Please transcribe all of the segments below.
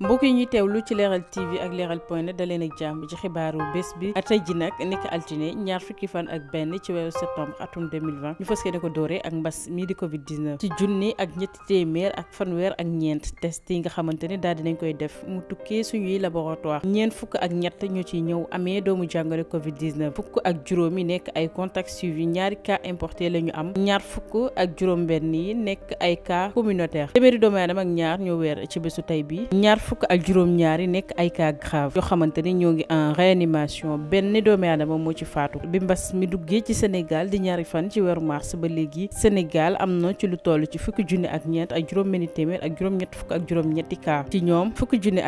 mbokk yi teew lu ci leeral TV ak leeral point net da leen ak jàmm ci xibaaru bés bi tey ji nag nekk altine ñaar fukki fan ak benn ci weeru septembre atum 2020 ñu fas yéene ko dooree ak mbas mii di Covid 19 ci junni ak ñetti téeméer ak fanweer ak ñeent test yi nga xamante ne daal dinañ koy def mu tukkee suñuy laboratoire ñeent fukk ak ñett ñoo ciy ñëw amee doomu jàngoro Covid 19 fukk ak juróom yi nekk ay contact suivi ñaari cas importé la ñu am ñaar fukk ak juróom-benn yi nekk ay cas communautaire téeméeri doomu aadama ak ñaar ci bésu tey bi fukk ak juróom-ñaari nekk ay cas grave yoo xamante ne ñoo ngi en réanimation benn doomi aadama moo ci faatu bi mbas mi duggee ci Sénégal di ñaari fan ci weeru mars ba léegi Sénégal am na ci lu toll ci fukki junni ak ñeent ak juróom-benni téeméer ak fukk ak juróom-ñetti cas ci ñoom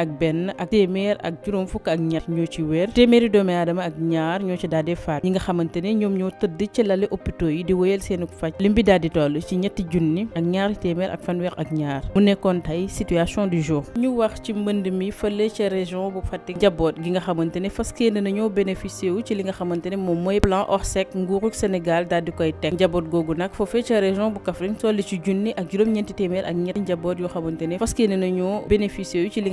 ak benn ak téeméer ak juróom fukk ak ñett ñoo ci wér téeméeri doomi aadama ak ñaar ñoo ci daal di faatu ñi nga xamante ne ñoom ñoo tëdd ci lali hôpitaux yi di wéyal seen faj lim bi daal di toll ci ñetti junni ak ñaari téeméer ak fanweer ak ñaar mu nekkoon tey situation du jour ñu wax ci ci mbënd mi fële ca région bu Fatick jaboot gi nga xamante ne nañoo bénéficié ci li nga xamante ne moom mooy plan Orsec nguuruk Sénégal daal di koy teg njaboot googu nag foofee li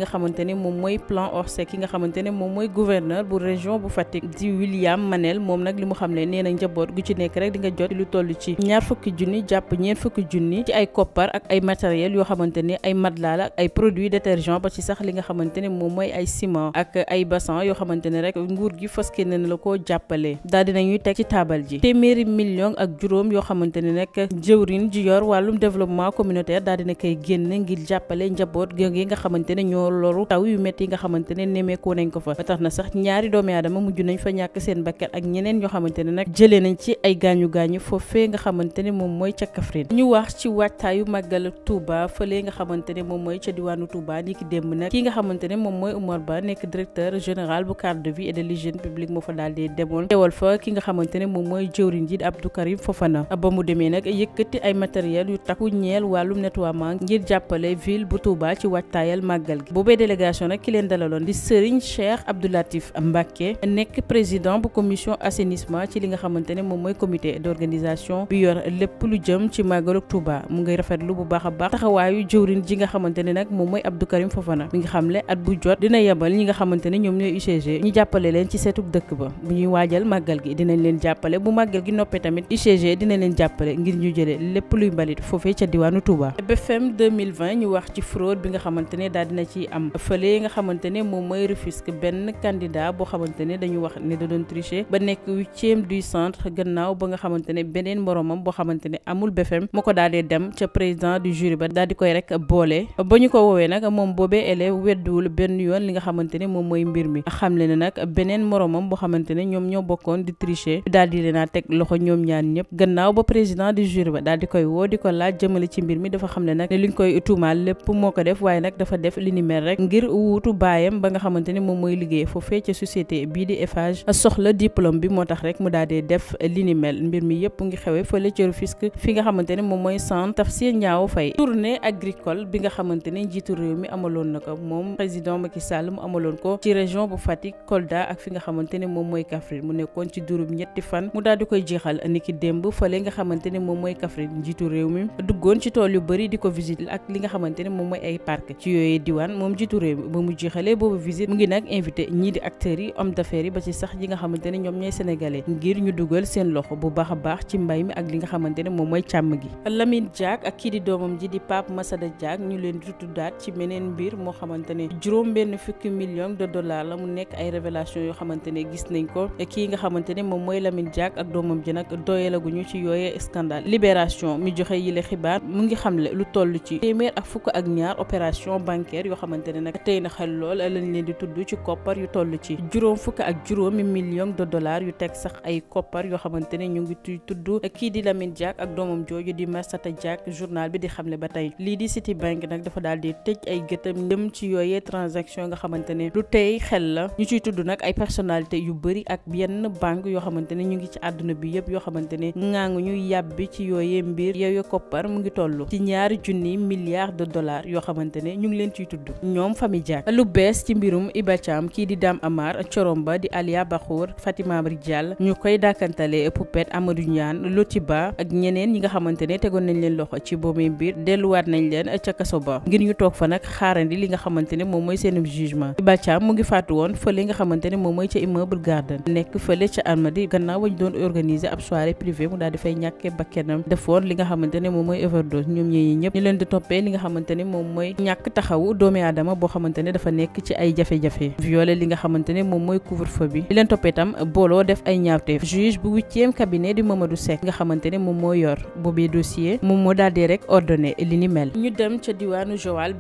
nga xamante moom mooy gouverneur bu région bu Fatick di William Manel moom nag li mu xam ne nee na njaboot gu ci nekk rek di nga jot lu toll ci ñaar fukki junni jàpp ñeent fukki junni ci ay koppar ak ay matériel yoo xamante ne ay matelas ak ay produits détergents ba ci sax li nga xamante ne moom mooy ay ciment ak ay bassin yoo xamante ne rek nguur gi faske ne la ko jàppale daal dinañuy teg ci taabal ji téeméeri million ak juróom yoo xamante ne nag jëwrin ji yor wàllum développement communautaire daal dina koy génn ngir jàppale njaboot yi nga xamante ne ñoo loru taw yu métti yi nga xamante ne nemeekoo nañ ko fa tax na sax ñaari doomi aadama mujj nañ fa ñàkk seen bakkat ak ñeneen ñoo xamante ne nag jëlee nañ ci ay gaañu gaañu foofee nga xamante ne moom mooy ca Kaffrine ñu wax ci waajtaayu màggal Touba fële nga xamante ne moom nag ki nga xamante ne moom mooy Oumar Ba nekk directeur général bu cadre de vie et de l'hygiène publique moo fa daal demoon teewal fa ki nga xamante ne moom mooy jëwriñ ji Abdou Karim Fofana ba mu demee nag yëkkati ay matériel yu takku ñeel wàllum nettoiement ngir jàppale ville bu Touba ci waajtaayal màggal gi boobee délégation nag ki leen dalaloon di Serigne Cheikh Abdoulatif Mbacké nekk président bu commission assainissement ci li nga xamante ne moom mooy comité d'organisation bi yor lépp lu jëm ci màggalu Touba mu ngay rafetlu bu baax a baax taxawaayu ji nga xamante ne nag moom mooy Abdou Karim Fofana mi ngi xamle at bu jot dina yebal ñi nga xamante ne ñoom ñooy UCG ñu jàppale leen ci seetuk dëkk ba bu ñuy waajal màggal gi dinañ leen jàppale bu màggal gi noppee tamit UCG dina leen jàppale ngir ñu jëlee lépp luy mbalit foofee ca diwaanu Touba BFM 2020 ñu wax ci fraude bi nga xamante ne daal dina ci am fële nga xamante ne moom mooy Rufisque benn candidat boo xamante ne dañu wax ne da doon tricher ba nekk huitième du centre gannaaw ba nga xamante ne beneen moromam boo xamante ne amul BFM moo ko daal dee dem ca président du jury ba daal di koy rek boole élève wedduwul benn yoon li nga xamante ne moom mooy mbir mi xam le nag beneen moromam boo xamante ñoom ñoo bokkoon di tricher daal di a teg loxo ñoom ñaan ñëpp gannaaw ba président du jury ba daal di koy woo di ko laaj jëmale ci mbir dafa xam ne li ni mel rek ngir wuutu baayam ba nga xamante ne moom mooy liggéey foofee ca société bii di Eiffage soxla diplôme bi moo tax rek mu daal di def li ni mel mbir mi yëpp ngi xewee fële ca Rufisque fi nga xamante ne moom mooy centre Tafsir Ñaaw Faye tournée agricole bi nga na ko moom président Macky Sall mu amaloon ko ci région bu Fatick Kolda ak fi nga xamante ne moom mooy Kaffrine mu nekkoon ci durum ñetti fan mu daal di koy jeexal niki démb fale nga xamante ne moom mooy njiitu réew mi duggoon ci tool yu bëri di ko visite ak li nga xamante ne moom mooy ay parc ci yooyee diwaan moom njiitu réew mi ba mu jeexalee boobu visite mu ngi nag invité ñii di acteurs yi homme d'affaires yi ba ci sax yi nga xamante ne ñoom ñooy sénégalais ngir ñu dugal seen loxo bu baax a baax ci mbay mi ak li nga xamante ne moom mooy càmm gi Lamine Diack ak kii di doomam moo xamante ne juróom benn fukki million de dollars la mu nekk ay révélation yoo xamante ne gis nañ mooy Lamine Diack ak doomam ji nag doyelaguñu ci yooyee scandale libération mi joxe yile xibaar mu ngi xamle lu toll ci téeméer ak fukk ak ñaar opération bancaire yoo xamante ne nag tey na xel lool lañ leen di tudd ci koppar yu toll ci juróom fukk ak juróomi million de dollars yu teg sax ay koppar yoo xamante ne ñu ngi tuy tudd kii di Lamine Diack ak doomam jooju di Massata Diack journal bi di xamle ba tey lii di Citibank nag dafa daal di tëj ay gëtam jëm ci yooyee transaction nga xamante ne lu tey xel la ñu ciy tudd nag ay personnalité yu bëri ak yenn banque yoo xamante ne ñu ngi ci àdduna bi yëpp yoo xamante ne ngaangu ñu yàbbi ci yooyee mbir yooyu koppar mu ngi toll ci ñaari junni milliards de dollars yoo xamante ne ñu ngi leen ciy tudd ñoom famille Diack lu bees ci mbirum Iba Thiam kii di Dame Amar Coromba di Alia Bakhour Fatima Rijal ñu koy dàkkantale Poupette Amadou Niane ba ak ñeneen ñi nga xamante ne tegoon nañ leen loxo ci boobee mbir delluwaat nañ li nga xamante ne moom mooy seen jugement Hiba Thiam mu ngi faatu woon fële nga xamante ne moom mooy ca immeuble garden nekk fële ca Almadi gannaaw wañ doon organiser ab soirée privée mu daal di fay nekk ci ay jafe-jafe violé li nga xamante moom mooy couvre-feu bi di leen toppee booloo def ay ñaawteef juge bu huitième cabinet di Mamadou Seck nga xamante moom moo yor boobee dossier moom moo daal di rek ordonné li ni mel ñu dem ca diwaanu Joal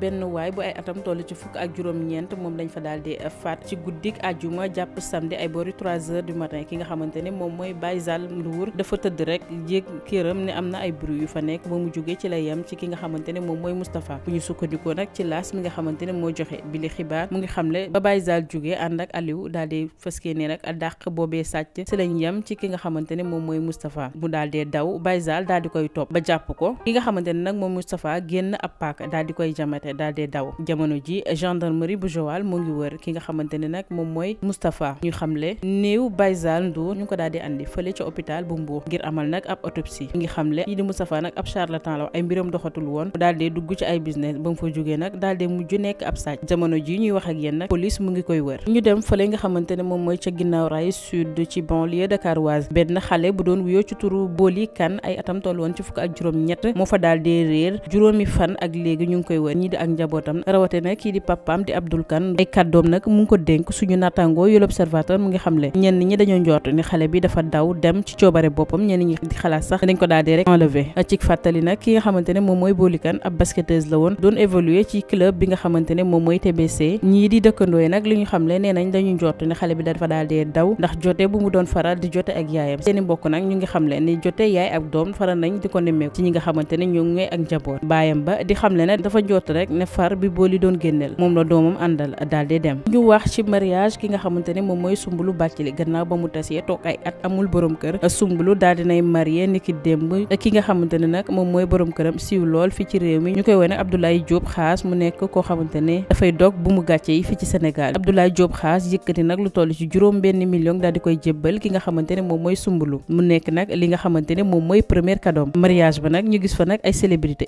lu toll ci fukk ak juróom-ñeent moom lañ fa daal di faat ci guddik àjjuma jàpp samedi ay boori 3 heures du matin ki nga xamante ne moom mooy Baye Zal Ndour dafa tëdd rek jéeg këram ne am na ay bruit yu fa nekk ba mu jógee ci la yem ci ki nga xamante ne moom mooy Moustapha bu ñu sukkandikoo nag ci laas mi xamante ne moo joxe bi li xibaar mu ngi xamle ba Baye Zal jógee ànd ak Aliou daal di faskee ne nag dàq boobee sàcc si lañ yem ci ki nga xamante ne moom mooy Moustapha mu daal dee daw Baye Zal daal di koy topp ba jàpp ko ki nga xamante ne nag moom Moustapha génn ab paak daal di koy jamate daal daw jamono jamono ji gendarmerie bu Joal mu ngi wër ki nga xamante ne nag moom mooy Moustapha ñu xamle néew Baysal Ndour ñu ko daal di andi fële ca hôpital bu Mbour ngir amal nag ab autopsie ngi xamle kii di Moustapha nag ab charlatan la ay mbiram doxatul woon mu dugg ci ay business ba mu fa jógee nag daal mujj nekk ab sàcc jamono ji ñuy wax ak yéen police mu ngi koy wër ñu dem fële nga xamante moom mooy ca ginnaaw raay sud ci banlieue dakaroise benn xale bu doon ne kii di papaam di Abdoul Kane ay kàddoom nag mu ngi ko dénk suñu nattangoo yu l'Observateur mu ngi xamle ñenn ñi dañoo njort ni xale bi dafa daw dem ci ne moom mooy Boly Kane ab basketteuse la woon doon évoluer ci club bi nga xamante ne moom mooy TBC ñii di dëkkandoo yi nag li ñu xamle nee nañ dañu njort ni xale bi dafa daal di daw ndax jote bu mu doon faral di jote ak yaayam seeni mbokk nag ñu ngi xamle ni jote yaay ak doom faral nañ di ko nemmeeku ci ñi nga xamante ne ñoo ngi ak njaboot baayam ba di xamle ne dafa njort rek ne far bi Boly doon génneel moom la doomam àndal daal dem ñu wax ci mariage ki nga xamante moom mooy Soumboulou Bathily gannaaw ba mu tasee toog ay at amul borom kër Soumboulou daal dinay marié ni ki démb ki nga xamante ne nag moom mooy borom këram siiw lool fi mi ñu koy wone Abdoulaye Diop Khass mu nekk koo xamante ne dafay dog bu mu gàcce yi fi ci Sénégal Abdoulaye Diop Khass yëkkati nag lu toll ci juróom benn million daal di koy jébbal ki nga xamante ne moom mooy Soumboulou mu nekk nag li nga xamante ne moom mooy première cadeau mariage ba nag ñu gis fa nag ay célébrité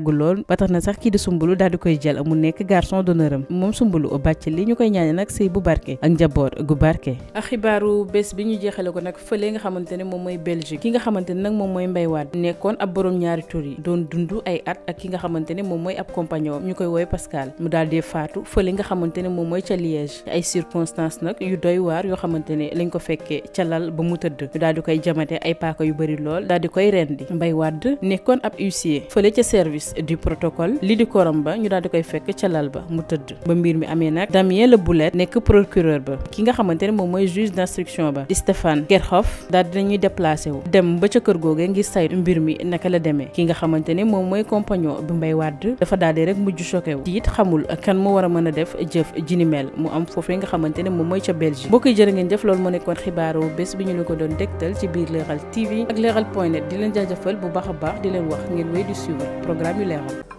yàggul lool ba tax na sax kii di Soumboulou daal di koy jël mu nekk garçon d'honneur am moom Soumboulou bàcc li ñu koy ñaane nag sëy bu barke ak njaboot gu barke xibaaru bés bi ñu jeexale ko nag fële nga xamante ne moom mooy mooy Mbaye Wade nekkoon ab borom ñaari tur yi doon dund ay at ak ki nga xamante ne moom mooy ab compagnon ñu koy woowee Pascal mu daal di faatu fële nga xamante ne moom mooy ca Liège ay circonstances nag yu doy waar yoo xamante lañ ko fekkee ca lal ba mu tëdd ñu daal di koy jamate ay paaka yu bari lool daal di koy rendi Mbaye Wade nekkoon pièce du protocole li di koram ba ñu daal koy fekk ca lal ba mu tëdd ba mbir mi amee nag Damien Le Boulet nekk procureur ba ki nga xamante ne moom mooy juge d'instruction ba di Stéphane Kerhoff daal dinañuy déplacé wu dem ba ca kër googee ngir say mbir mi naka la demee ki nga xamante ne moom mooy compagnon bi Mbaye Wade dafa daal di rek mujj choqué wu xamul kan moo war a mën a def jëf ji ni mu am foofu nga xamante ne moom mooy ca Belgique boo koy jërë ngeen jëf loolu moo nekkoon xibaaru bés bi ñu leen ko doon dégtal ci di leen jaajëfal bu baax a Müller.